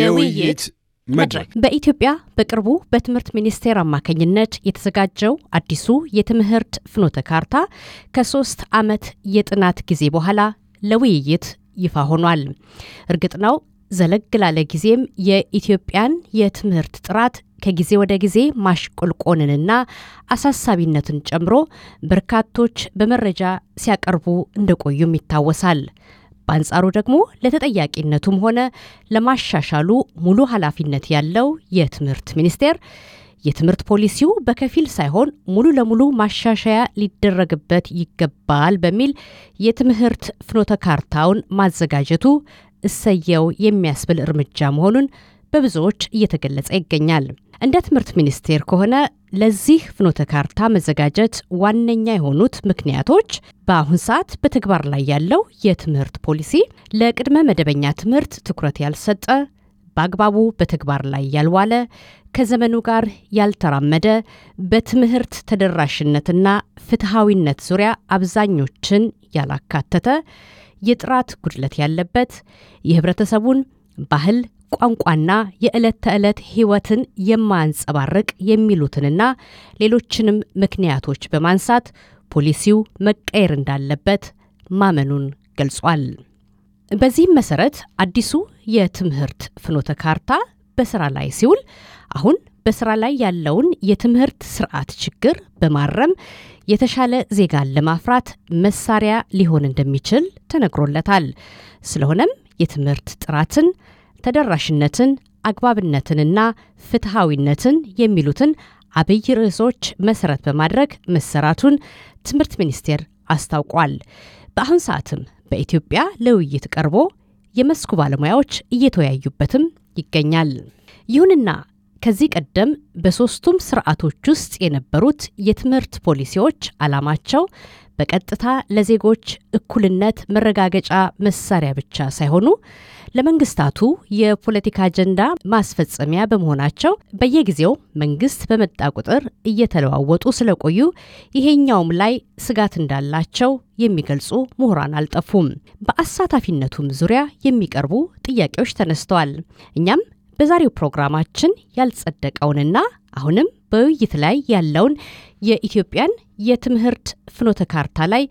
የውይይት መድረክ በኢትዮጵያ በቅርቡ በትምህርት ሚኒስቴር አማካኝነት የተዘጋጀው አዲሱ የትምህርት ፍኖተ ካርታ ከሶስት ዓመት የጥናት ጊዜ በኋላ ለውይይት ይፋ ሆኗል። እርግጥ ነው ዘለግ ላለ ጊዜም የኢትዮጵያን የትምህርት ጥራት ከጊዜ ወደ ጊዜ ማሽቆልቆንንና አሳሳቢነትን ጨምሮ በርካቶች በመረጃ ሲያቀርቡ እንደቆዩም ይታወሳል። በአንጻሩ ደግሞ ለተጠያቂነቱም ሆነ ለማሻሻሉ ሙሉ ኃላፊነት ያለው የትምህርት ሚኒስቴር የትምህርት ፖሊሲው በከፊል ሳይሆን ሙሉ ለሙሉ ማሻሻያ ሊደረግበት ይገባል በሚል የትምህርት ፍኖተ ካርታውን ማዘጋጀቱ እሰየው የሚያስብል እርምጃ መሆኑን በብዙዎች እየተገለጸ ይገኛል። እንደ ትምህርት ሚኒስቴር ከሆነ ለዚህ ፍኖተ ካርታ መዘጋጀት ዋነኛ የሆኑት ምክንያቶች በአሁን ሰዓት በተግባር ላይ ያለው የትምህርት ፖሊሲ ለቅድመ መደበኛ ትምህርት ትኩረት ያልሰጠ፣ በአግባቡ በተግባር ላይ ያልዋለ፣ ከዘመኑ ጋር ያልተራመደ፣ በትምህርት ተደራሽነትና ፍትሐዊነት ዙሪያ አብዛኞችን ያላካተተ፣ የጥራት ጉድለት ያለበት፣ የህብረተሰቡን ባህል ቋንቋና የዕለት ተዕለት ሕይወትን የማያንጸባርቅ የሚሉትንና ሌሎችንም ምክንያቶች በማንሳት ፖሊሲው መቀየር እንዳለበት ማመኑን ገልጿል። በዚህም መሰረት አዲሱ የትምህርት ፍኖተ ካርታ በስራ ላይ ሲውል አሁን በስራ ላይ ያለውን የትምህርት ስርዓት ችግር በማረም የተሻለ ዜጋን ለማፍራት መሳሪያ ሊሆን እንደሚችል ተነግሮለታል። ስለሆነም የትምህርት ጥራትን ተደራሽነትን፣ አግባብነትንና ፍትሐዊነትን የሚሉትን አብይ ርዕሶች መሰረት በማድረግ መሰራቱን ትምህርት ሚኒስቴር አስታውቋል። በአሁን ሰዓትም በኢትዮጵያ ለውይይት ቀርቦ የመስኩ ባለሙያዎች እየተወያዩበትም ይገኛል። ይሁንና ከዚህ ቀደም በሶስቱም ስርዓቶች ውስጥ የነበሩት የትምህርት ፖሊሲዎች ዓላማቸው በቀጥታ ለዜጎች እኩልነት መረጋገጫ መሳሪያ ብቻ ሳይሆኑ ለመንግስታቱ የፖለቲካ አጀንዳ ማስፈጸሚያ በመሆናቸው በየጊዜው መንግስት በመጣ ቁጥር እየተለዋወጡ ስለቆዩ ይሄኛውም ላይ ስጋት እንዳላቸው የሚገልጹ ምሁራን አልጠፉም። በአሳታፊነቱም ዙሪያ የሚቀርቡ ጥያቄዎች ተነስተዋል። እኛም በዛሬው ፕሮግራማችን ያልጸደቀውንና አሁንም በውይይት ላይ ያለውን የኢትዮጵያን የትምህርት ፍኖተ ካርታ ላይ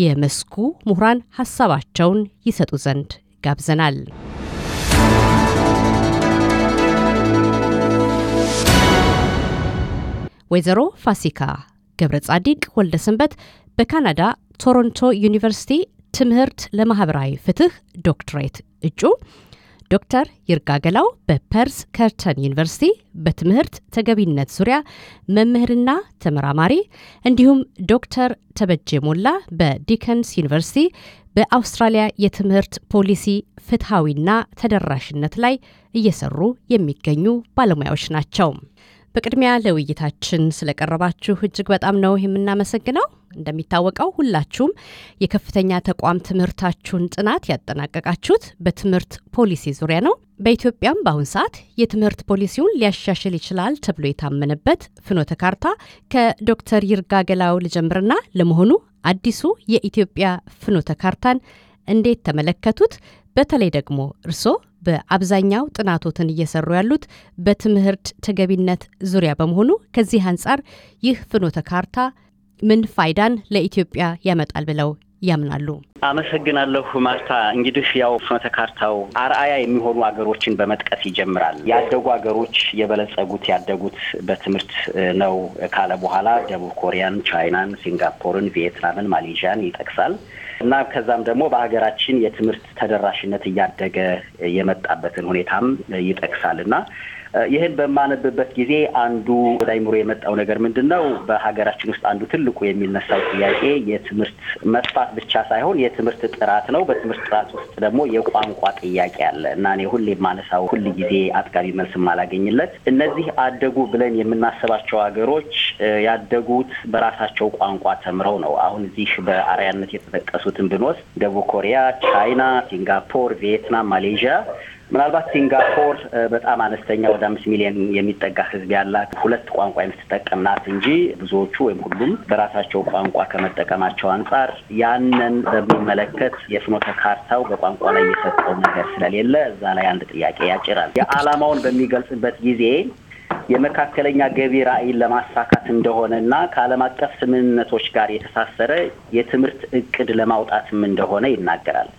የመስኩ ምሁራን ሀሳባቸውን ይሰጡ ዘንድ ጋብዘናል። ወይዘሮ ፋሲካ ገብረ ጻዲቅ ወልደ ሰንበት በካናዳ ቶሮንቶ ዩኒቨርሲቲ ትምህርት ለማህበራዊ ፍትህ ዶክትሬት እጩ ዶክተር ይርጋገላው በፐርስ ከርተን ዩኒቨርሲቲ በትምህርት ተገቢነት ዙሪያ መምህርና ተመራማሪ እንዲሁም ዶክተር ተበጀ ሞላ በዲከንስ ዩኒቨርሲቲ በአውስትራሊያ የትምህርት ፖሊሲ ፍትሐዊና ተደራሽነት ላይ እየሰሩ የሚገኙ ባለሙያዎች ናቸው። በቅድሚያ ለውይይታችን ስለቀረባችሁ እጅግ በጣም ነው የምናመሰግነው። እንደሚታወቀው ሁላችሁም የከፍተኛ ተቋም ትምህርታችሁን ጥናት ያጠናቀቃችሁት በትምህርት ፖሊሲ ዙሪያ ነው። በኢትዮጵያም በአሁን ሰዓት የትምህርት ፖሊሲውን ሊያሻሽል ይችላል ተብሎ የታመነበት ፍኖተ ካርታ ከዶክተር ይርጋ ገላው ልጀምርና ለመሆኑ አዲሱ የኢትዮጵያ ፍኖተ ካርታን እንዴት ተመለከቱት? በተለይ ደግሞ እርስዎ በአብዛኛው ጥናቶትን እየሰሩ ያሉት በትምህርት ተገቢነት ዙሪያ በመሆኑ ከዚህ አንጻር ይህ ፍኖተ ካርታ ምን ፋይዳን ለኢትዮጵያ ያመጣል ብለው ያምናሉ? አመሰግናለሁ ማርታ። እንግዲህ ያው ፍኖተ ካርታው አርአያ የሚሆኑ አገሮችን በመጥቀስ ይጀምራል። ያደጉ ሀገሮች የበለጸጉት ያደጉት በትምህርት ነው ካለ በኋላ ደቡብ ኮሪያን፣ ቻይናን፣ ሲንጋፖርን፣ ቪየትናምን፣ ማሌዥያን ይጠቅሳል። እና ከዛም ደግሞ በሀገራችን የትምህርት ተደራሽነት እያደገ የመጣበትን ሁኔታም ይጠቅሳል እና ይህን በማነብበት ጊዜ አንዱ ወደ አይምሮ የመጣው ነገር ምንድን ነው? በሀገራችን ውስጥ አንዱ ትልቁ የሚነሳው ጥያቄ የትምህርት መስፋት ብቻ ሳይሆን የትምህርት ጥራት ነው። በትምህርት ጥራት ውስጥ ደግሞ የቋንቋ ጥያቄ አለ እና እኔ ሁሌ የማነሳው ሁል ጊዜ አጥጋቢ መልስ ማላገኝለት እነዚህ አደጉ ብለን የምናስባቸው ሀገሮች ያደጉት በራሳቸው ቋንቋ ተምረው ነው። አሁን እዚህ በአርያነት የተጠቀሱ የተጠቀሱትን ብንወስድ ደቡብ ኮሪያ፣ ቻይና፣ ሲንጋፖር፣ ቪየትናም፣ ማሌዥያ ምናልባት ሲንጋፖር በጣም አነስተኛ ወደ አምስት ሚሊዮን የሚጠጋ ሕዝብ ያላት ሁለት ቋንቋ የምትጠቀም ናት እንጂ ብዙዎቹ ወይም ሁሉም በራሳቸው ቋንቋ ከመጠቀማቸው አንጻር ያንን በሚመለከት የፍኖተ ካርታው በቋንቋ ላይ የሰጠው ነገር ስለሌለ እዛ ላይ አንድ ጥያቄ ያጭራል። የዓላማውን በሚገልጽበት ጊዜ የመካከለኛ ገቢ ራዕይን ለማሳካት እንደሆነ እና ከዓለም አቀፍ ስምምነቶች ጋር የተሳሰረ የትምህርት እቅድ ለማውጣትም እንደሆነ ይናገራል።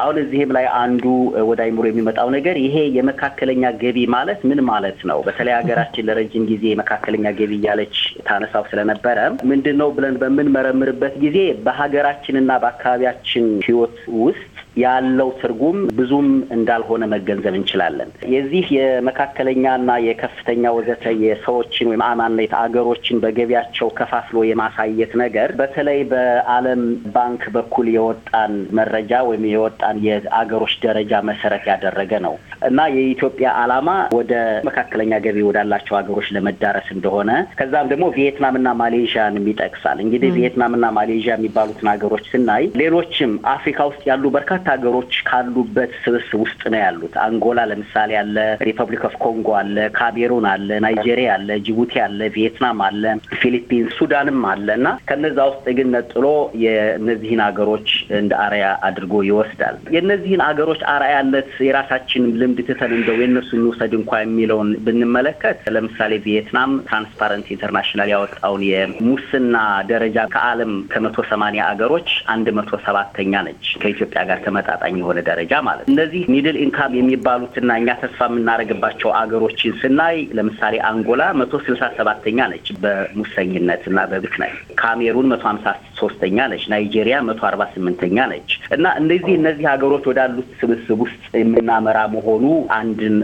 አሁን እዚህም ላይ አንዱ ወደ አይምሮ የሚመጣው ነገር ይሄ የመካከለኛ ገቢ ማለት ምን ማለት ነው? በተለይ ሀገራችን ለረጅም ጊዜ የመካከለኛ ገቢ እያለች ታነሳው ስለነበረ ምንድን ነው ብለን በምንመረምርበት ጊዜ በሀገራችንና በአካባቢያችን ሕይወት ውስጥ ያለው ትርጉም ብዙም እንዳልሆነ መገንዘብ እንችላለን። የዚህ የመካከለኛና የከፍተኛ ወዘተ የሰዎችን ወይም አማነት አገሮችን በገቢያቸው ከፋፍሎ የማሳየት ነገር በተለይ በዓለም ባንክ በኩል የወጣን መረጃ ወይም የወጣን የአገሮች ደረጃ መሰረት ያደረገ ነው እና የኢትዮጵያ ዓላማ ወደ መካከለኛ ገቢ ወዳላቸው ሀገሮች ለመዳረስ እንደሆነ ከዛም ደግሞ ቪየትናምና ማሌዥያን ይጠቅሳል። እንግዲህ ቪየትናምና ማሌዥያ የሚባሉትን ሀገሮች ስናይ ሌሎችም አፍሪካ ውስጥ ያሉ በርካታ ሀገሮች ካሉበት ስብስብ ውስጥ ነው ያሉት። አንጎላ ለምሳሌ አለ፣ ሪፐብሊክ ኦፍ ኮንጎ አለ፣ ካሜሩን አለ፣ ናይጄሪያ አለ፣ ጅቡቲ አለ፣ ቪየትናም አለ፣ ፊሊፒንስ፣ ሱዳንም አለ እና ከነዛ ውስጥ ግን ነጥሎ የእነዚህን ሀገሮች እንደ አርያ አድርጎ ይወስዳል። የእነዚህን ሀገሮች አርያነት የራሳችንም ልምድ ትተን እንደው የእነሱ እንውሰድ እንኳ የሚለውን ብንመለከት ለምሳሌ ቪየትናም ትራንስፓረንት ኢንተርናሽናል ያወጣውን የሙስና ደረጃ ከዓለም ከመቶ ሰማኒያ ሀገሮች አንድ መቶ ሰባተኛ ነች ከኢትዮጵያ ጋር ተመጣጣኝ የሆነ ደረጃ ማለት እነዚህ ሚድል ኢንካም የሚባሉትና እኛ ተስፋ የምናደርግባቸው አገሮችን ስናይ ለምሳሌ አንጎላ መቶ ስልሳ ሰባተኛ ነች በሙሰኝነት እና በብክነት። ካሜሩን መቶ ሀምሳ ሶስተኛ ነች። ናይጄሪያ መቶ አርባ ስምንተኛ ነች እና እነዚህ እነዚህ ሀገሮች ወዳሉት ስብስብ ውስጥ የምናመራ መሆኑ አንድን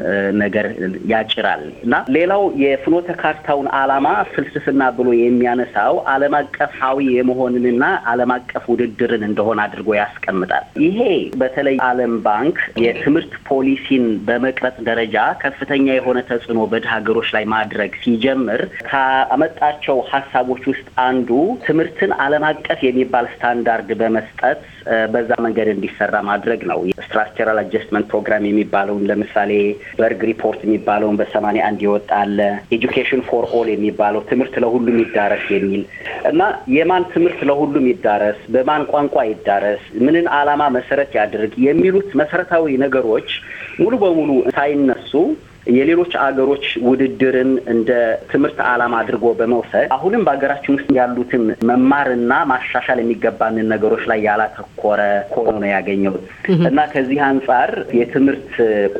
ነገር ያጭራል እና ሌላው የፍኖተ ካርታውን አላማ ፍልስፍና ብሎ የሚያነሳው ዓለም አቀፋዊ የመሆንንና አለም አቀፍ ውድድርን እንደሆነ አድርጎ ያስቀምጣል። ይሄ በተለይ ዓለም ባንክ የትምህርት ፖሊሲን በመቅረጽ ደረጃ ከፍተኛ የሆነ ተጽዕኖ በድሃ ሀገሮች ላይ ማድረግ ሲጀምር ካመጣቸው ሀሳቦች ውስጥ አንዱ ትምህርትን ዓለም አቀፍ የሚባል ስታንዳርድ በመስጠት በዛ መንገድ እንዲሰራ ማድረግ ነው። ስትራክቸራል አጀስትመንት ፕሮግራም የሚባለውን ለምሳሌ በርግ ሪፖርት የሚባለውን በሰማንያ አንድ የወጣ አለ። ኤጁኬሽን ፎር ኦል የሚባለው ትምህርት ለሁሉም ይዳረስ የሚል እና የማን ትምህርት ለሁሉም ይዳረስ፣ በማን ቋንቋ ይዳረስ፣ ምንን ዓላማ መሰረት ያድርግ የሚሉት መሰረታዊ ነገሮች ሙሉ በሙሉ ሳይነሱ የሌሎች አገሮች ውድድርን እንደ ትምህርት ዓላማ አድርጎ በመውሰድ አሁንም በሀገራችን ውስጥ ያሉትን መማርና ማሻሻል የሚገባንን ነገሮች ላይ ያላተኮረ ሆኖ ነው ያገኘሁት እና ከዚህ አንጻር የትምህርት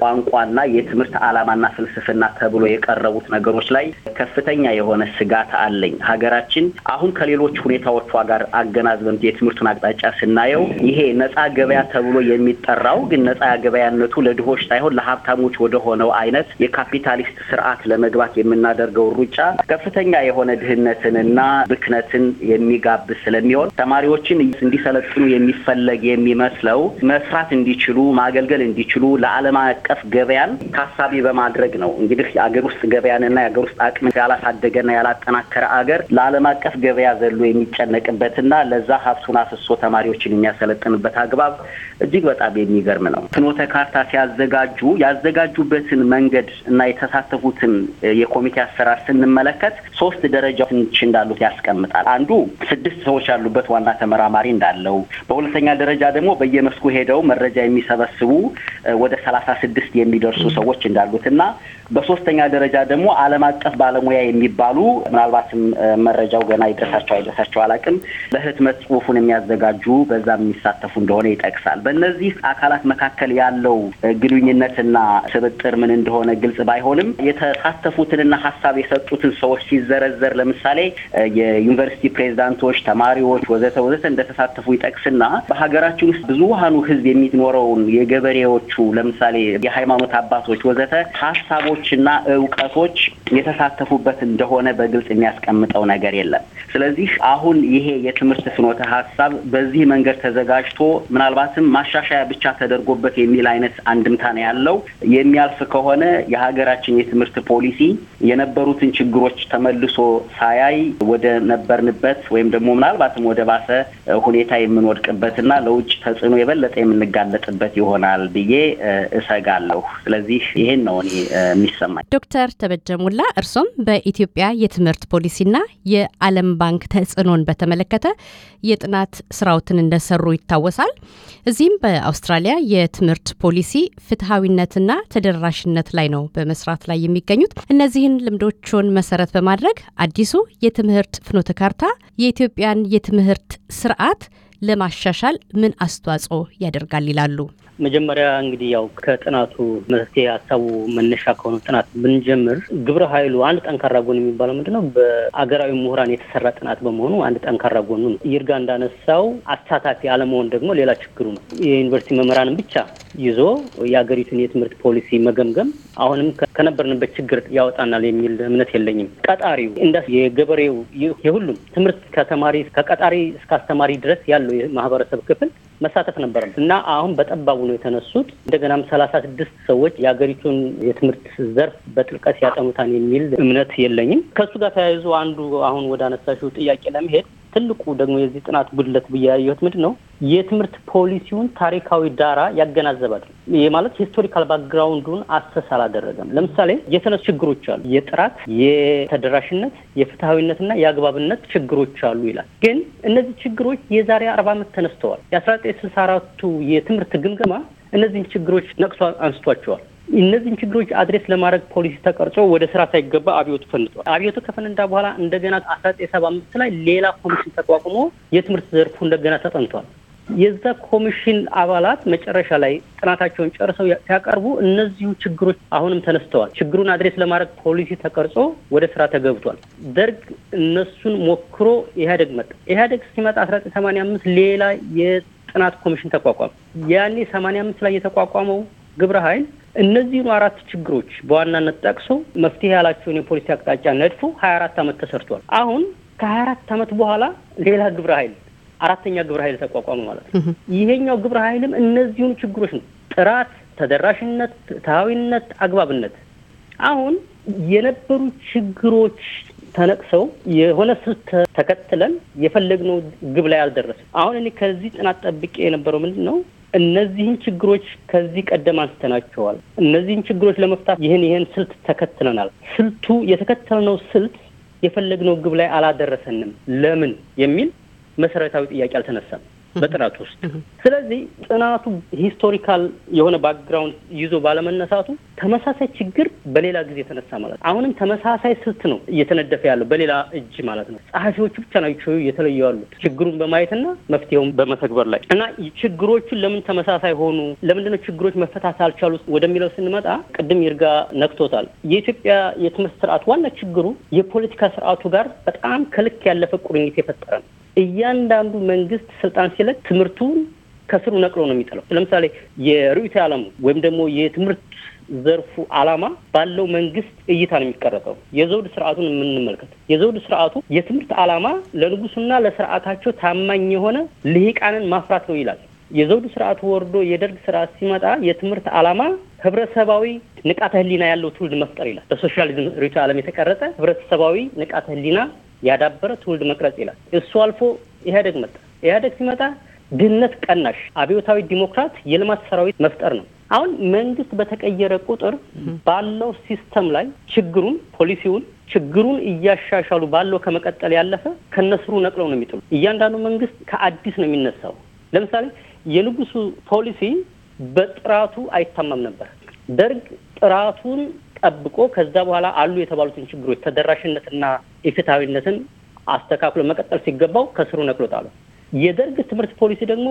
ቋንቋና የትምህርት ዓላማና ፍልስፍና ተብሎ የቀረቡት ነገሮች ላይ ከፍተኛ የሆነ ስጋት አለኝ። ሀገራችን አሁን ከሌሎች ሁኔታዎቿ ጋር አገናዝበን የትምህርቱን አቅጣጫ ስናየው ይሄ ነጻ ገበያ ተብሎ የሚጠራው ግን ነጻ ገበያነቱ ለድሆች ሳይሆን ለሀብታሞች ወደሆነው አይነት የካፒታሊስት ስርዓት ለመግባት የምናደርገው ሩጫ ከፍተኛ የሆነ ድህነትንና ብክነትን የሚጋብ ስለሚሆን ተማሪዎችን እንዲሰለጥኑ የሚፈለግ የሚመስለው መስራት እንዲችሉ ማገልገል እንዲችሉ ለዓለም አቀፍ ገበያን ታሳቢ በማድረግ ነው። እንግዲህ የአገር ውስጥ ገበያንና የአገር ውስጥ አቅም ያላሳደገና ያላጠናከረ አገር ለዓለም አቀፍ ገበያ ዘሎ የሚጨነቅበትና ለዛ ሀብቱን አፍሶ ተማሪዎችን የሚያሰለጥንበት አግባብ እጅግ በጣም የሚገርም ነው። ፍኖተ ካርታ ሲያዘጋጁ ያዘጋጁበትን መንገድ መንገድ እና የተሳተፉትን የኮሚቴ አሰራር ስንመለከት ሶስት ደረጃዎች እንዳሉት ያስቀምጣል። አንዱ ስድስት ሰዎች ያሉበት ዋና ተመራማሪ እንዳለው፣ በሁለተኛ ደረጃ ደግሞ በየመስኩ ሄደው መረጃ የሚሰበስቡ ወደ ሰላሳ ስድስት የሚደርሱ ሰዎች እንዳሉት እና በሶስተኛ ደረጃ ደግሞ ዓለም አቀፍ ባለሙያ የሚባሉ ምናልባትም መረጃው ገና ይድረሳቸው አይድረሳቸው አላውቅም፣ ለህትመት ጽሁፉን የሚያዘጋጁ በዛ የሚሳተፉ እንደሆነ ይጠቅሳል። በእነዚህ አካላት መካከል ያለው ግንኙነትና ስብጥር ምን እንደሆነ ግልጽ ባይሆንም የተሳተፉትንና ሀሳብ የሰጡትን ሰዎች ሲዘረዘር ለምሳሌ የዩኒቨርሲቲ ፕሬዚዳንቶች፣ ተማሪዎች፣ ወዘተ ወዘተ እንደተሳተፉ ይጠቅስና በሀገራችን ውስጥ ብዙሀኑ ህዝብ የሚኖረውን የገበሬዎቹ ለምሳሌ የሃይማኖት አባቶች ወዘተ ሀሳቦች እና እውቀቶች የተሳተፉበት እንደሆነ በግልጽ የሚያስቀምጠው ነገር የለም። ስለዚህ አሁን ይሄ የትምህርት ፍኖተ ሀሳብ በዚህ መንገድ ተዘጋጅቶ ምናልባትም ማሻሻያ ብቻ ተደርጎበት የሚል አይነት አንድምታ ነው ያለው። የሚያልፍ ከሆነ የሀገራችን የትምህርት ፖሊሲ የነበሩትን ችግሮች ተመልሶ ሳያይ ወደ ነበርንበት ወይም ደግሞ ምናልባትም ወደ ባሰ ሁኔታ የምንወድቅበትና ለውጭ ተጽዕኖ የበለጠ የምንጋለጥበት ይሆናል ብዬ እሰጋለሁ። ስለዚህ ይሄን ነው እኔ የሚሰማኝ። ዶክተር ተበጀ እርሶም በኢትዮጵያ የትምህርት ፖሊሲና የዓለም ባንክ ተጽዕኖን በተመለከተ የጥናት ስራዎትን እንደሰሩ ይታወሳል። እዚህም በአውስትራሊያ የትምህርት ፖሊሲ ፍትሐዊነትና ተደራሽነት ላይ ነው በመስራት ላይ የሚገኙት። እነዚህን ልምዶችን መሰረት በማድረግ አዲሱ የትምህርት ፍኖተ ካርታ የኢትዮጵያን የትምህርት ስርዓት ለማሻሻል ምን አስተዋጽኦ ያደርጋል ይላሉ? መጀመሪያ እንግዲህ ያው ከጥናቱ መፍትሄ ሀሳቡ መነሻ ከሆነ ጥናት ብንጀምር ግብረ ኃይሉ አንድ ጠንካራ ጎን የሚባለው ነው? በአገራዊ ምሁራን የተሰራ ጥናት በመሆኑ አንድ ጠንካራ ጎኑ ነው። ይርጋ እንዳነሳው አሳታፊ አለመሆን ደግሞ ሌላ ችግሩ ነው። የዩኒቨርሲቲ መምህራንን ብቻ ይዞ የአገሪቱን የትምህርት ፖሊሲ መገምገም አሁንም ከነበርንበት ችግር ያወጣናል የሚል እምነት የለኝም። ቀጣሪው እንደ የገበሬው የሁሉም ትምህርት ከተማሪ ከቀጣሪ እስከ አስተማሪ ድረስ ያለው የማህበረሰብ ክፍል መሳተፍ ነበረ እና አሁን በጠባቡ ነው የተነሱት። እንደገናም ሰላሳ ስድስት ሰዎች የሀገሪቱን የትምህርት ዘርፍ በጥልቀት ያጠኑታን የሚል እምነት የለኝም። ከእሱ ጋር ተያይዞ አንዱ አሁን ወደ አነሳሽው ጥያቄ ለመሄድ ትልቁ ደግሞ የዚህ ጥናት ጉድለት ብዬ ያየሁት ምንድን ነው የትምህርት ፖሊሲውን ታሪካዊ ዳራ ያገናዘባል። ይህ ማለት ሂስቶሪካል ባክግራውንዱን አሰስ አላደረገም። ለምሳሌ የተነሱ ችግሮች አሉ፣ የጥራት የተደራሽነት፣ የፍትሐዊነትና የአግባብነት ችግሮች አሉ ይላል። ግን እነዚህ ችግሮች የዛሬ አርባ ዓመት ተነስተዋል። የአስራ ዘጠኝ ስልሳ አራቱ የትምህርት ግምገማ እነዚህን ችግሮች ነቅሶ አንስቷቸዋል። እነዚህን ችግሮች አድሬስ ለማድረግ ፖሊሲ ተቀርጾ ወደ ስራ ሳይገባ አብዮቱ ፈንጧል። አብዮቱ ከፈነዳ በኋላ እንደገና አስራ ዘጠኝ ሰባ አምስት ላይ ሌላ ኮሚሽን ተቋቁሞ የትምህርት ዘርፉ እንደገና ተጠንቷል። የዛ ኮሚሽን አባላት መጨረሻ ላይ ጥናታቸውን ጨርሰው ሲያቀርቡ እነዚሁ ችግሮች አሁንም ተነስተዋል። ችግሩን አድሬስ ለማድረግ ፖሊሲ ተቀርጾ ወደ ስራ ተገብቷል። ደርግ እነሱን ሞክሮ ኢህአዴግ መጣ። ኢህአዴግ ሲመጣ አስራ ዘጠኝ ሰማንያ አምስት ሌላ የጥናት ኮሚሽን ተቋቋመ። ያኔ ሰማንያ አምስት ላይ የተቋቋመው ግብረ ኃይል እነዚህኑ አራት ችግሮች በዋናነት ጠቅሶ መፍትሄ ያላቸውን የፖሊሲ አቅጣጫ ነድፎ ሀያ አራት ዓመት ተሰርቷል። አሁን ከሀያ አራት ዓመት በኋላ ሌላ ግብረ ኃይል አራተኛ ግብረ ኃይል ተቋቋመ ማለት ነው። ይሄኛው ግብረ ኃይልም እነዚህኑ ችግሮች ነው ጥራት፣ ተደራሽነት፣ ፍትሐዊነት፣ አግባብነት አሁን የነበሩ ችግሮች ተነቅሰው የሆነ ስልት ተከትለን የፈለግነው ግብ ላይ አልደረስም። አሁን እኔ ከዚህ ጥናት ጠብቄ የነበረው ምንድን ነው እነዚህን ችግሮች ከዚህ ቀደም አንስተናቸዋል። እነዚህን ችግሮች ለመፍታት ይህን ይህን ስልት ተከትለናል። ስልቱ የተከተልነው ስልት የፈለግነው ግብ ላይ አላደረሰንም። ለምን የሚል መሰረታዊ ጥያቄ አልተነሳም። በጥናት ውስጥ። ስለዚህ ጥናቱ ሂስቶሪካል የሆነ ባክግራውንድ ይዞ ባለመነሳቱ ተመሳሳይ ችግር በሌላ ጊዜ የተነሳ ማለት ነው። አሁንም ተመሳሳይ ስልት ነው እየተነደፈ ያለው በሌላ እጅ ማለት ነው። ጸሐፊዎቹ ብቻ ናቸው የተለዩ ያሉት ችግሩን በማየትና መፍትሄውን በመተግበር ላይ እና ችግሮቹን ለምን ተመሳሳይ ሆኑ፣ ለምንድነው ችግሮች መፈታት አልቻሉ ወደሚለው ስንመጣ ቅድም ይርጋ ነክቶታል። የኢትዮጵያ የትምህርት ስርዓት ዋና ችግሩ የፖለቲካ ስርዓቱ ጋር በጣም ከልክ ያለፈ ቁርኝት የፈጠረ ነው። እያንዳንዱ መንግስት ስልጣን ሲለቅ ትምህርቱን ከስሩ ነቅሎ ነው የሚጥለው። ለምሳሌ የርዕዮተ ዓለም ወይም ደግሞ የትምህርት ዘርፉ ዓላማ ባለው መንግስት እይታ ነው የሚቀረጸው። የዘውድ ስርዓቱን የምንመልከት የዘውድ ስርዓቱ የትምህርት ዓላማ ለንጉሱና ለስርዓታቸው ታማኝ የሆነ ልሂቃንን ማፍራት ነው ይላል። የዘውድ ስርዓቱ ወርዶ የደርግ ስርዓት ሲመጣ የትምህርት ዓላማ ህብረተሰባዊ ንቃተ ህሊና ያለው ትውልድ መፍጠር ይላል። በሶሻሊዝም ርዕዮተ ዓለም የተቀረጸ ህብረተሰባዊ ንቃተ ህሊና ያዳበረ ትውልድ መቅረጽ ይላል። እሱ አልፎ ኢህአዴግ መጣ። ኢህአዴግ ሲመጣ ድህነት ቀናሽ አብዮታዊ ዲሞክራት የልማት ሰራዊት መፍጠር ነው። አሁን መንግስት በተቀየረ ቁጥር ባለው ሲስተም ላይ ችግሩን ፖሊሲውን ችግሩን እያሻሻሉ ባለው ከመቀጠል ያለፈ ከነስሩ ነቅለው ነው የሚጥሉ። እያንዳንዱ መንግስት ከአዲስ ነው የሚነሳው። ለምሳሌ የንጉሱ ፖሊሲ በጥራቱ አይታማም ነበር። ደርግ ጥራቱን ጠብቆ ከዛ በኋላ አሉ የተባሉትን ችግሮች ተደራሽነትና የፍትሐዊነትን አስተካክሎ መቀጠል ሲገባው ከስሩ ነቅሎታል። የደርግ ትምህርት ፖሊሲ ደግሞ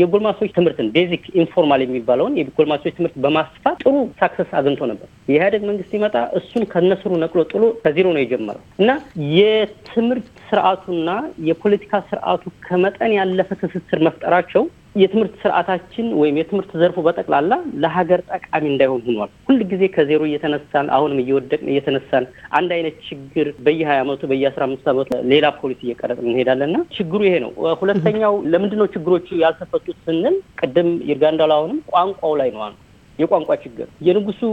የጎልማሶች ትምህርትን ቤዚክ ኢንፎርማል የሚባለውን የጎልማሶች ትምህርት በማስፋት ጥሩ ሳክሰስ አግኝቶ ነበር። የኢህአደግ መንግስት ሲመጣ እሱን ከነስሩ ነቅሎ ጥሎ ከዜሮ ነው የጀመረው እና የትምህርት ስርዓቱና የፖለቲካ ስርዓቱ ከመጠን ያለፈ ትስስር መፍጠራቸው የትምህርት ስርዓታችን ወይም የትምህርት ዘርፉ በጠቅላላ ለሀገር ጠቃሚ እንዳይሆን ሆኗል። ጊዜ ከዜሮ እየተነሳን አሁንም እየወደቅን እየተነሳን አንድ አይነት ችግር በየሀያ በየ በየአስራ አምስት አመቱ ሌላ ፖሊሲ እንሄዳለን እንሄዳለንና ችግሩ ይሄ ነው። ሁለተኛው ለምንድን ነው ችግሮቹ ያልተፈቱት ስንል ቅድም ይርጋ እንዳሉ አሁንም ቋንቋው ላይ ነው የቋንቋ ችግር የንጉሱ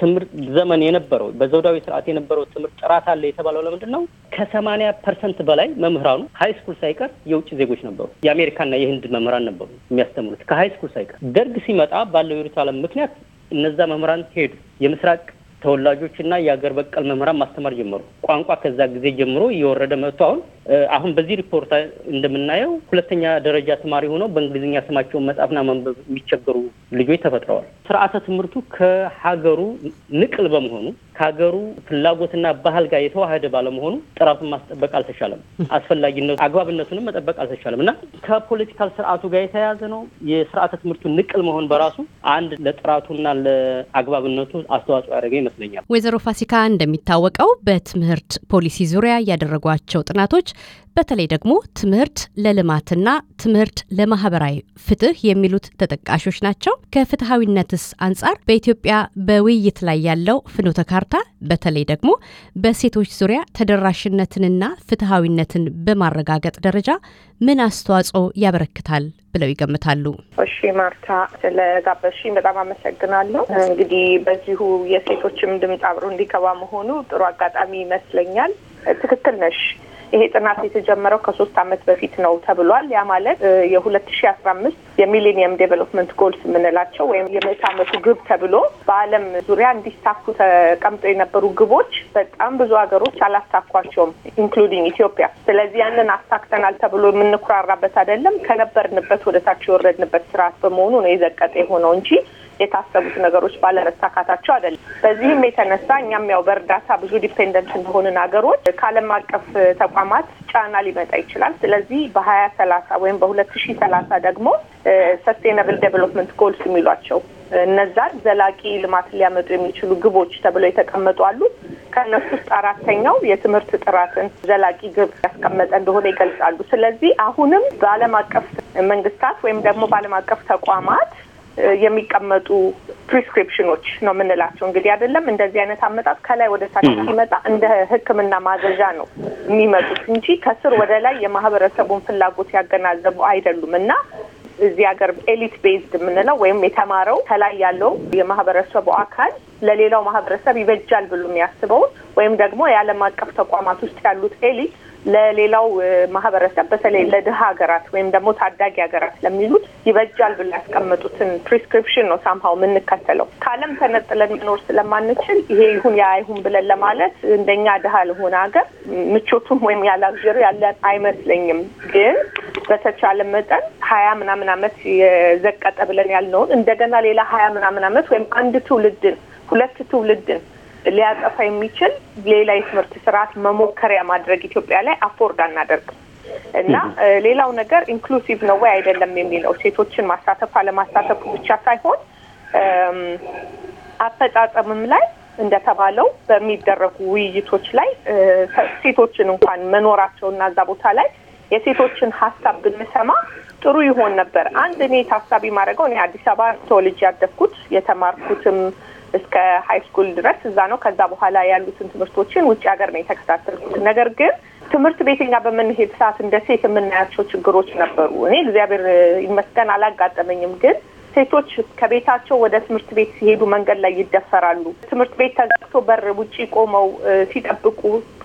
ትምህርት ዘመን የነበረው በዘውዳዊ ስርዓት የነበረው ትምህርት ጥራት አለ የተባለው ለምንድን ነው? ከሰማኒያ ፐርሰንት በላይ መምህራኑ ሀይ ስኩል ሳይቀር የውጭ ዜጎች ነበሩ። የአሜሪካና የህንድ መምህራን ነበሩ የሚያስተምሩት ከሀይ ስኩል ሳይቀር። ደርግ ሲመጣ ባለው የሩት ዓለም ምክንያት እነዛ መምህራን ሄዱ። የምስራቅ ተወላጆች እና የሀገር በቀል መምህራን ማስተማር ጀመሩ። ቋንቋ ከዛ ጊዜ ጀምሮ እየወረደ መጥቶ አሁን አሁን በዚህ ሪፖርት እንደምናየው ሁለተኛ ደረጃ ተማሪ ሆነው በእንግሊዝኛ ስማቸውን መጻፍና መንበብ የሚቸገሩ ልጆች ተፈጥረዋል። ስርዓተ ትምህርቱ ከሀገሩ ንቅል በመሆኑ ከሀገሩ ፍላጎትና ባህል ጋር የተዋህደ ባለመሆኑ ጥራቱን ማስጠበቅ አልተቻለም። አስፈላጊነቱ አግባብነቱንም መጠበቅ አልተቻለም እና ከፖለቲካል ስርዓቱ ጋር የተያያዘ ነው። የስርዓተ ትምህርቱ ንቅል መሆን በራሱ አንድ ለጥራቱና ለአግባብነቱ አስተዋጽኦ ያደረገ ይመስለኛል። ወይዘሮ ፋሲካ እንደሚታወቀው በትምህርት ፖሊሲ ዙሪያ ያደረጓቸው ጥናቶች በተለይ ደግሞ ትምህርት ለልማትና ትምህርት ለማህበራዊ ፍትህ የሚሉት ተጠቃሾች ናቸው። ከፍትሐዊነትስ አንጻር በኢትዮጵያ በውይይት ላይ ያለው ፍኖተ ካርታ በተለይ ደግሞ በሴቶች ዙሪያ ተደራሽነትንና ፍትሐዊነትን በማረጋገጥ ደረጃ ምን አስተዋጽኦ ያበረክታል ብለው ይገምታሉ? እሺ ማርታ፣ ስለጋበዝሽኝ በጣም አመሰግናለሁ። እንግዲህ በዚሁ የሴቶችም ድምፅ አብሮ እንዲገባ መሆኑ ጥሩ አጋጣሚ ይመስለኛል። ትክክል ነሽ። ይሄ ጥናት የተጀመረው ከሶስት ዓመት በፊት ነው ተብሏል። ያ ማለት የሁለት ሺ አስራ አምስት የሚሌኒየም ዴቨሎፕመንት ጎልስ የምንላቸው ወይም የምዕተ አመቱ ግብ ተብሎ በዓለም ዙሪያ እንዲሳኩ ተቀምጠው የነበሩ ግቦች በጣም ብዙ ሀገሮች አላሳኳቸውም ኢንክሉዲንግ ኢትዮጵያ። ስለዚህ ያንን አሳክተናል ተብሎ የምንኩራራበት አይደለም፣ ከነበርንበት ወደታች የወረድንበት ስርዓት በመሆኑ ነው የዘቀጠ የሆነው እንጂ የታሰቡት ነገሮች ባለመሳካታቸው አይደለም። በዚህም የተነሳ እኛም ያው በእርዳታ ብዙ ዲፔንደንት እንደሆንን ሀገሮች ከዓለም አቀፍ ተቋማት ጫና ሊመጣ ይችላል። ስለዚህ በሀያ ሰላሳ ወይም በሁለት ሺ ሰላሳ ደግሞ ሰስቴናብል ዴቨሎፕመንት ጎልስ የሚሏቸው እነዛን ዘላቂ ልማት ሊያመጡ የሚችሉ ግቦች ተብለው የተቀመጡ አሉ። ከእነሱ ውስጥ አራተኛው የትምህርት ጥራትን ዘላቂ ግብ ያስቀመጠ እንደሆነ ይገልጻሉ። ስለዚህ አሁንም በዓለም አቀፍ መንግስታት ወይም ደግሞ በዓለም አቀፍ ተቋማት የሚቀመጡ ፕሪስክሪፕሽኖች ነው የምንላቸው። እንግዲህ አይደለም እንደዚህ አይነት አመጣጥ ከላይ ወደ ታች ሲመጣ እንደ ሕክምና ማዘዣ ነው የሚመጡት እንጂ ከስር ወደ ላይ የማህበረሰቡን ፍላጎት ያገናዘቡ አይደሉም እና እዚህ ሀገር ኤሊት ቤዝድ የምንለው ወይም የተማረው ከላይ ያለው የማህበረሰቡ አካል ለሌላው ማህበረሰብ ይበጃል ብሎ የሚያስበውን ወይም ደግሞ የዓለም አቀፍ ተቋማት ውስጥ ያሉት ኤሊት ለሌላው ማህበረሰብ በተለይ ለድሃ ሀገራት ወይም ደግሞ ታዳጊ ሀገራት ለሚሉት ይበጃል ብሎ ያስቀመጡትን ፕሪስክሪፕሽን ነው ሳምሃው የምንከተለው። ከዓለም ተነጥለን መኖር ስለማንችል ይሄ ይሁን ያ ይሁን ብለን ለማለት እንደኛ ድሃ ለሆነ ሀገር ምቾቱም ወይም ያ ያለን አይመስለኝም። ግን በተቻለ መጠን ሀያ ምናምን አመት የዘቀጠ ብለን ያልነውን እንደገና ሌላ ሀያ ምናምን አመት ወይም አንድ ትውልድን ሁለት ትውልድን ሊያጠፋ የሚችል ሌላ የትምህርት ስርዓት መሞከሪያ ማድረግ ኢትዮጵያ ላይ አፎርድ አናደርግም እና ሌላው ነገር ኢንክሉሲቭ ነው ወይ አይደለም የሚለው ሴቶችን ማሳተፍ አለማሳተፉ ብቻ ሳይሆን አፈጻጸምም ላይ እንደተባለው በሚደረጉ ውይይቶች ላይ ሴቶችን እንኳን መኖራቸውና እዛ ቦታ ላይ የሴቶችን ሀሳብ ብንሰማ ጥሩ ይሆን ነበር። አንድ እኔ ታሳቢ ማድረገው እኔ አዲስ አበባ ተወልጄ ያደግኩት የተማርኩትም እስከ ሀይ ስኩል ድረስ እዛ ነው። ከዛ በኋላ ያሉትን ትምህርቶችን ውጭ ሀገር ነው የተከታተልኩት። ነገር ግን ትምህርት ቤተኛ በምንሄድ ሰዓት እንደ ሴት የምናያቸው ችግሮች ነበሩ። እኔ እግዚአብሔር ይመስገን አላጋጠመኝም ግን ሴቶች ከቤታቸው ወደ ትምህርት ቤት ሲሄዱ መንገድ ላይ ይደፈራሉ። ትምህርት ቤት ተዘግቶ በር ውጪ ቆመው ሲጠብቁ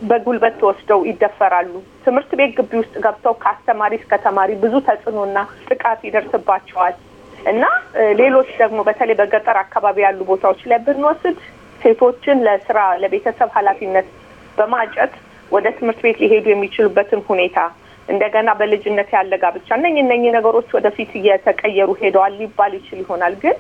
በጉልበት ተወስደው ይደፈራሉ። ትምህርት ቤት ግቢ ውስጥ ገብተው ከአስተማሪ እስከ ተማሪ ብዙ ተጽዕኖና ጥቃት ይደርስባቸዋል። እና ሌሎች ደግሞ በተለይ በገጠር አካባቢ ያሉ ቦታዎች ላይ ብንወስድ ሴቶችን ለስራ ለቤተሰብ ኃላፊነት በማጨት ወደ ትምህርት ቤት ሊሄዱ የሚችሉበትን ሁኔታ እንደገና በልጅነት ያለ ጋብቻ እነኝ እነኝ ነገሮች ወደፊት እየተቀየሩ ሄደዋል ሊባል ይችል ይሆናል። ግን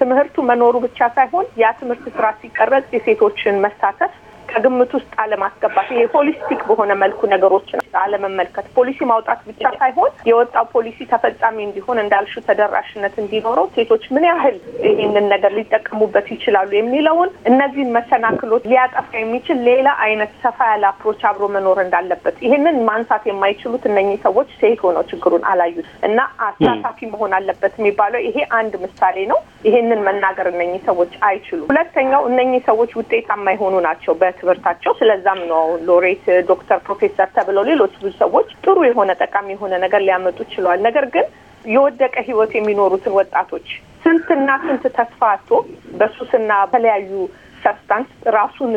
ትምህርቱ መኖሩ ብቻ ሳይሆን ያ ትምህርት ስራ ሲቀረጽ የሴቶችን መሳተፍ ከግምት ውስጥ አለማስገባት፣ ይሄ ሆሊስቲክ በሆነ መልኩ ነገሮችን አለመመልከት፣ ፖሊሲ ማውጣት ብቻ ሳይሆን የወጣው ፖሊሲ ተፈጻሚ እንዲሆን እንዳልሹ ተደራሽነት እንዲኖረው ሴቶች ምን ያህል ይህንን ነገር ሊጠቀሙበት ይችላሉ የሚለውን እነዚህን መሰናክሎች ሊያጠፋ የሚችል ሌላ አይነት ሰፋ ያለ አፕሮች አብሮ መኖር እንዳለበት ይህንን ማንሳት የማይችሉት እነኚህ ሰዎች ሴት ሆነው ችግሩን አላዩት እና አሳታፊ መሆን አለበት የሚባለው ይሄ አንድ ምሳሌ ነው። ይሄንን መናገር እነኚህ ሰዎች አይችሉም። ሁለተኛው እነኚህ ሰዎች ውጤታማ የሆኑ ናቸው። እርስ ስለዛም ነው ሎሬት፣ ዶክተር፣ ፕሮፌሰር ተብለው ሌሎች ብዙ ሰዎች ጥሩ የሆነ ጠቃሚ የሆነ ነገር ሊያመጡ ችለዋል። ነገር ግን የወደቀ ህይወት የሚኖሩትን ወጣቶች ስንትና ስንት ተስፋ አቶ በሱስና በተለያዩ ሰብስታንስ ራሱን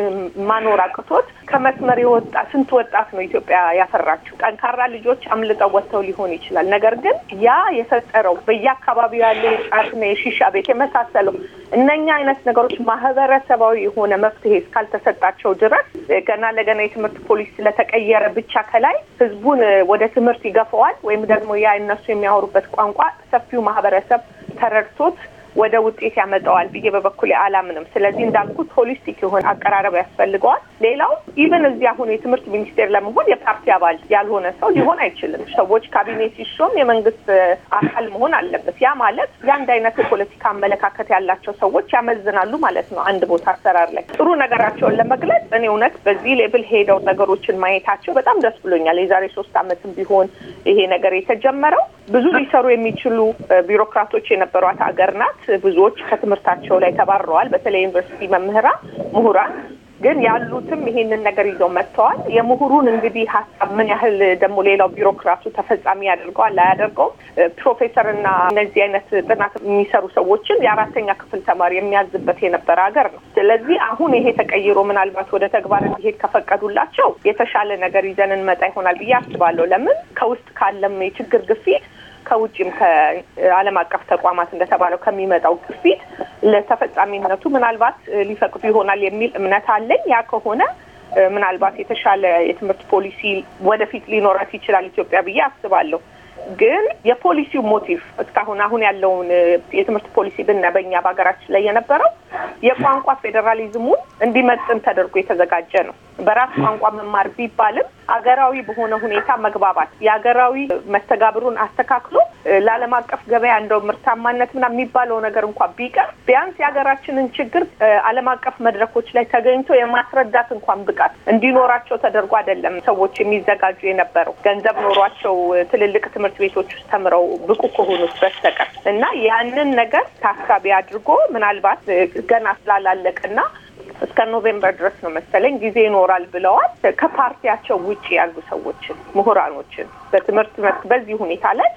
ማኖር አቅቶት ከመስመር የወጣ ስንት ወጣት ነው ኢትዮጵያ ያፈራችው? ጠንካራ ልጆች አምልጠው ወጥተው ሊሆን ይችላል። ነገር ግን ያ የፈጠረው በየአካባቢው ያለ የጫትና የሺሻ ቤት የመሳሰለው እነኛ አይነት ነገሮች ማህበረሰባዊ የሆነ መፍትሄ እስካልተሰጣቸው ድረስ ገና ለገና የትምህርት ፖሊሲ ስለተቀየረ ብቻ ከላይ ህዝቡን ወደ ትምህርት ይገፋዋል ወይም ደግሞ ያ እነሱ የሚያወሩበት ቋንቋ ሰፊው ማህበረሰብ ተረድቶት ወደ ውጤት ያመጣዋል ብዬ በበኩሌ አላምንም። ስለዚህ እንዳልኩት ሆሊስቲክ የሆነ አቀራረብ ያስፈልገዋል። ሌላው ኢቨን እዚህ አሁን የትምህርት ሚኒስቴር ለመሆን የፓርቲ አባል ያልሆነ ሰው ሊሆን አይችልም። ሰዎች ካቢኔ ሲሾም የመንግስት አካል መሆን አለበት። ያ ማለት የአንድ አይነት የፖለቲካ አመለካከት ያላቸው ሰዎች ያመዝናሉ ማለት ነው። አንድ ቦታ አሰራር ላይ ጥሩ ነገራቸውን ለመግለጽ እኔ እውነት በዚህ ሌብል ሄደው ነገሮችን ማየታቸው በጣም ደስ ብሎኛል። የዛሬ ሶስት ዓመትም ቢሆን ይሄ ነገር የተጀመረው ብዙ ሊሰሩ የሚችሉ ቢሮክራቶች የነበሯት ሀገር ናት። ብዙዎች ከትምህርታቸው ላይ ተባረዋል። በተለይ ዩኒቨርሲቲ መምህራን፣ ምሁራን ግን ያሉትም ይሄንን ነገር ይዘው መጥተዋል። የምሁሩን እንግዲህ ሀሳብ ምን ያህል ደግሞ ሌላው ቢሮክራቱ ተፈጻሚ ያደርገዋል አያደርገውም። ፕሮፌሰርና እነዚህ አይነት ጥናት የሚሰሩ ሰዎችን የአራተኛ ክፍል ተማሪ የሚያዝበት የነበረ ሀገር ነው። ስለዚህ አሁን ይሄ ተቀይሮ ምናልባት ወደ ተግባር እንዲሄድ ከፈቀዱላቸው የተሻለ ነገር ይዘን እንመጣ ይሆናል ብዬ አስባለሁ። ለምን ከውስጥ ካለም የችግር ግፊት ከውጭም ከዓለም አቀፍ ተቋማት እንደተባለው ከሚመጣው ግፊት ለተፈጻሚነቱ ምናልባት ሊፈቅዱ ይሆናል የሚል እምነት አለኝ። ያ ከሆነ ምናልባት የተሻለ የትምህርት ፖሊሲ ወደፊት ሊኖራት ይችላል ኢትዮጵያ ብዬ አስባለሁ። ግን የፖሊሲው ሞቲቭ እስካሁን አሁን ያለውን የትምህርት ፖሊሲ ብና በኛ በሀገራችን ላይ የነበረው የቋንቋ ፌዴራሊዝሙን እንዲመጥን ተደርጎ የተዘጋጀ ነው። በራስ ቋንቋ መማር ቢባልም አገራዊ በሆነ ሁኔታ መግባባት የአገራዊ መስተጋብሩን አስተካክሎ ለዓለም አቀፍ ገበያ እንደው ምርታማነት ምና የሚባለው ነገር እንኳ ቢቀር ቢያንስ የሀገራችንን ችግር ዓለም አቀፍ መድረኮች ላይ ተገኝቶ የማስረዳት እንኳን ብቃት እንዲኖራቸው ተደርጎ አይደለም ሰዎች የሚዘጋጁ የነበረው ገንዘብ ኖሯቸው ትልልቅ ትምህርት ቤቶች ውስጥ ተምረው ብቁ ከሆኑት በስተቀር እና ያንን ነገር ታሳቢ አድርጎ ምናልባት ገና ስላላለቀና እስከ ኖቬምበር ድረስ ነው መሰለኝ ጊዜ ይኖራል ብለዋል። ከፓርቲያቸው ውጭ ያሉ ሰዎችን፣ ምሁራኖችን በትምህርት መስክ በዚህ ሁኔታ ላይ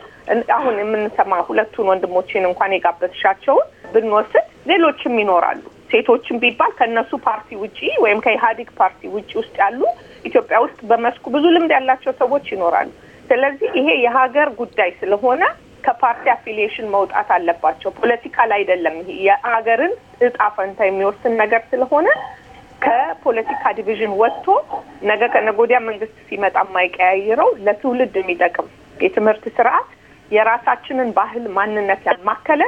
አሁን የምንሰማ ሁለቱን ወንድሞችን እንኳን የጋበዝሻቸውን ብንወስድ ሌሎችም ይኖራሉ። ሴቶችን ቢባል ከእነሱ ፓርቲ ውጪ ወይም ከኢህአዴግ ፓርቲ ውጪ ውስጥ ያሉ ኢትዮጵያ ውስጥ በመስኩ ብዙ ልምድ ያላቸው ሰዎች ይኖራሉ። ስለዚህ ይሄ የሀገር ጉዳይ ስለሆነ ከፓርቲ አፊሊሽን መውጣት አለባቸው። ፖለቲካል አይደለም። የሀገርን እጣ ፈንታ የሚወስን ነገር ስለሆነ ከፖለቲካ ዲቪዥን ወጥቶ ነገ ከነጎዲያ መንግስት ሲመጣ የማይቀያይረው ለትውልድ የሚጠቅም የትምህርት ስርዓት የራሳችንን ባህል ማንነት ያማከለ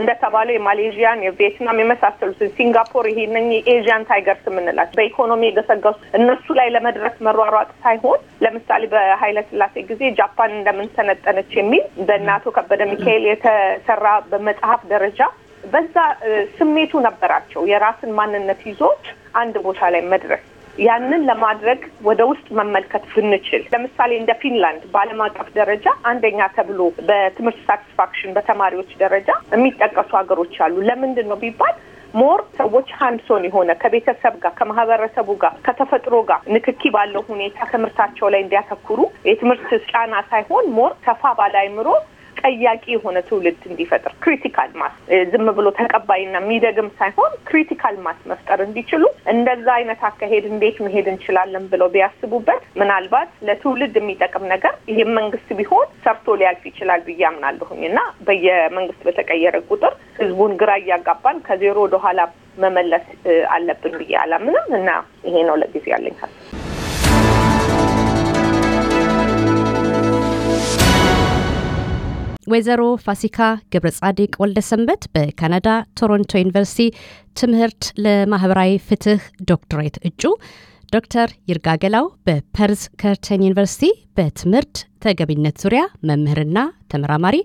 እንደተባለው የማሌዥያን፣ የቪየትናም የመሳሰሉትን ሲንጋፖር ይሄነ የኤዥያን ታይገርስ የምንላቸው በኢኮኖሚ የገሰገሱ እነሱ ላይ ለመድረስ መሯሯጥ ሳይሆን ለምሳሌ በኃይለ ስላሴ ጊዜ ጃፓን እንደምን ሰነጠነች የሚል በእነ አቶ ከበደ ሚካኤል የተሰራ በመጽሐፍ ደረጃ በዛ ስሜቱ ነበራቸው የራስን ማንነት ይዞት አንድ ቦታ ላይ መድረስ ያንን ለማድረግ ወደ ውስጥ መመልከት ብንችል ለምሳሌ እንደ ፊንላንድ በዓለም አቀፍ ደረጃ አንደኛ ተብሎ በትምህርት ሳቲስፋክሽን በተማሪዎች ደረጃ የሚጠቀሱ ሀገሮች አሉ። ለምንድን ነው ቢባል ሞር ሰዎች ሀንሶን የሆነ ከቤተሰብ ጋር ከማህበረሰቡ ጋር ከተፈጥሮ ጋር ንክኪ ባለው ሁኔታ ትምህርታቸው ላይ እንዲያተኩሩ የትምህርት ጫና ሳይሆን ሞር ሰፋ ባለ አይምሮ ጠያቂ የሆነ ትውልድ እንዲፈጥር ክሪቲካል ማስ ዝም ብሎ ተቀባይና የሚደግም ሳይሆን ክሪቲካል ማስ መፍጠር እንዲችሉ እንደዛ አይነት አካሄድ እንዴት መሄድ እንችላለን ብለው ቢያስቡበት ምናልባት ለትውልድ የሚጠቅም ነገር ይህም መንግስት ቢሆን ሰርቶ ሊያልፍ ይችላል ብዬ አምናለሁኝ እና በየመንግስት በተቀየረ ቁጥር ህዝቡን ግራ እያጋባን ከዜሮ ወደኋላ መመለስ አለብን ብዬ አላምንም እና ይሄ ነው ለጊዜ ያለኝ ሀሳብ። ወይዘሮ ፋሲካ ገብረ ጻዲቅ ወልደ ሰንበት በካናዳ ቶሮንቶ ዩኒቨርሲቲ ትምህርት ለማህበራዊ ፍትህ ዶክትሬት እጩ ዶክተር ይርጋገላው በፐርዝ ከርተን ዩኒቨርሲቲ በትምህርት ተገቢነት ዙሪያ መምህርና ተመራማሪ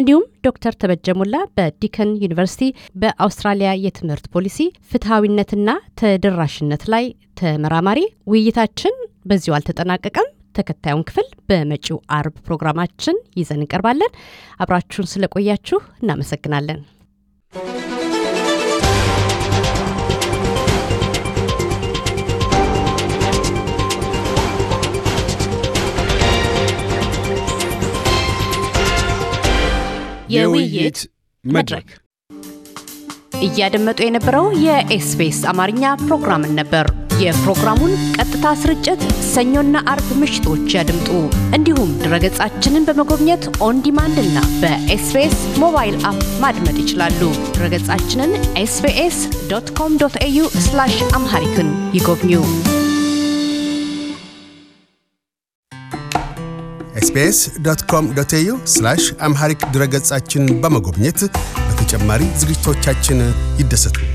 እንዲሁም ዶክተር ተበጀሞላ በዲከን ዩኒቨርሲቲ በአውስትራሊያ የትምህርት ፖሊሲ ፍትሐዊነትና ተደራሽነት ላይ ተመራማሪ። ውይይታችን በዚሁ አልተጠናቀቀም። ተከታዩን ክፍል በመጪው አርብ ፕሮግራማችን ይዘን እንቀርባለን። አብራችሁን ስለቆያችሁ እናመሰግናለን። የውይይት መድረክ እያደመጡ የነበረው የኤስቢኤስ አማርኛ ፕሮግራምን ነበር። የፕሮግራሙን በቀጥታ ስርጭት ሰኞና አርብ ምሽቶች ያድምጡ። እንዲሁም ድረገጻችንን በመጎብኘት ኦን ዲማንድ እና በኤስቢኤስ ሞባይል አፕ ማድመጥ ይችላሉ። ድረገጻችንን ኤስቢኤስ ዶት ኮም ዶት ኤዩ አምሃሪክን ይጎብኙ። ኤስቢኤስ ዶት ኮም ዶት ኤዩ አምሃሪክ ድረገጻችን በመጎብኘት በተጨማሪ ዝግጅቶቻችን ይደሰቱ።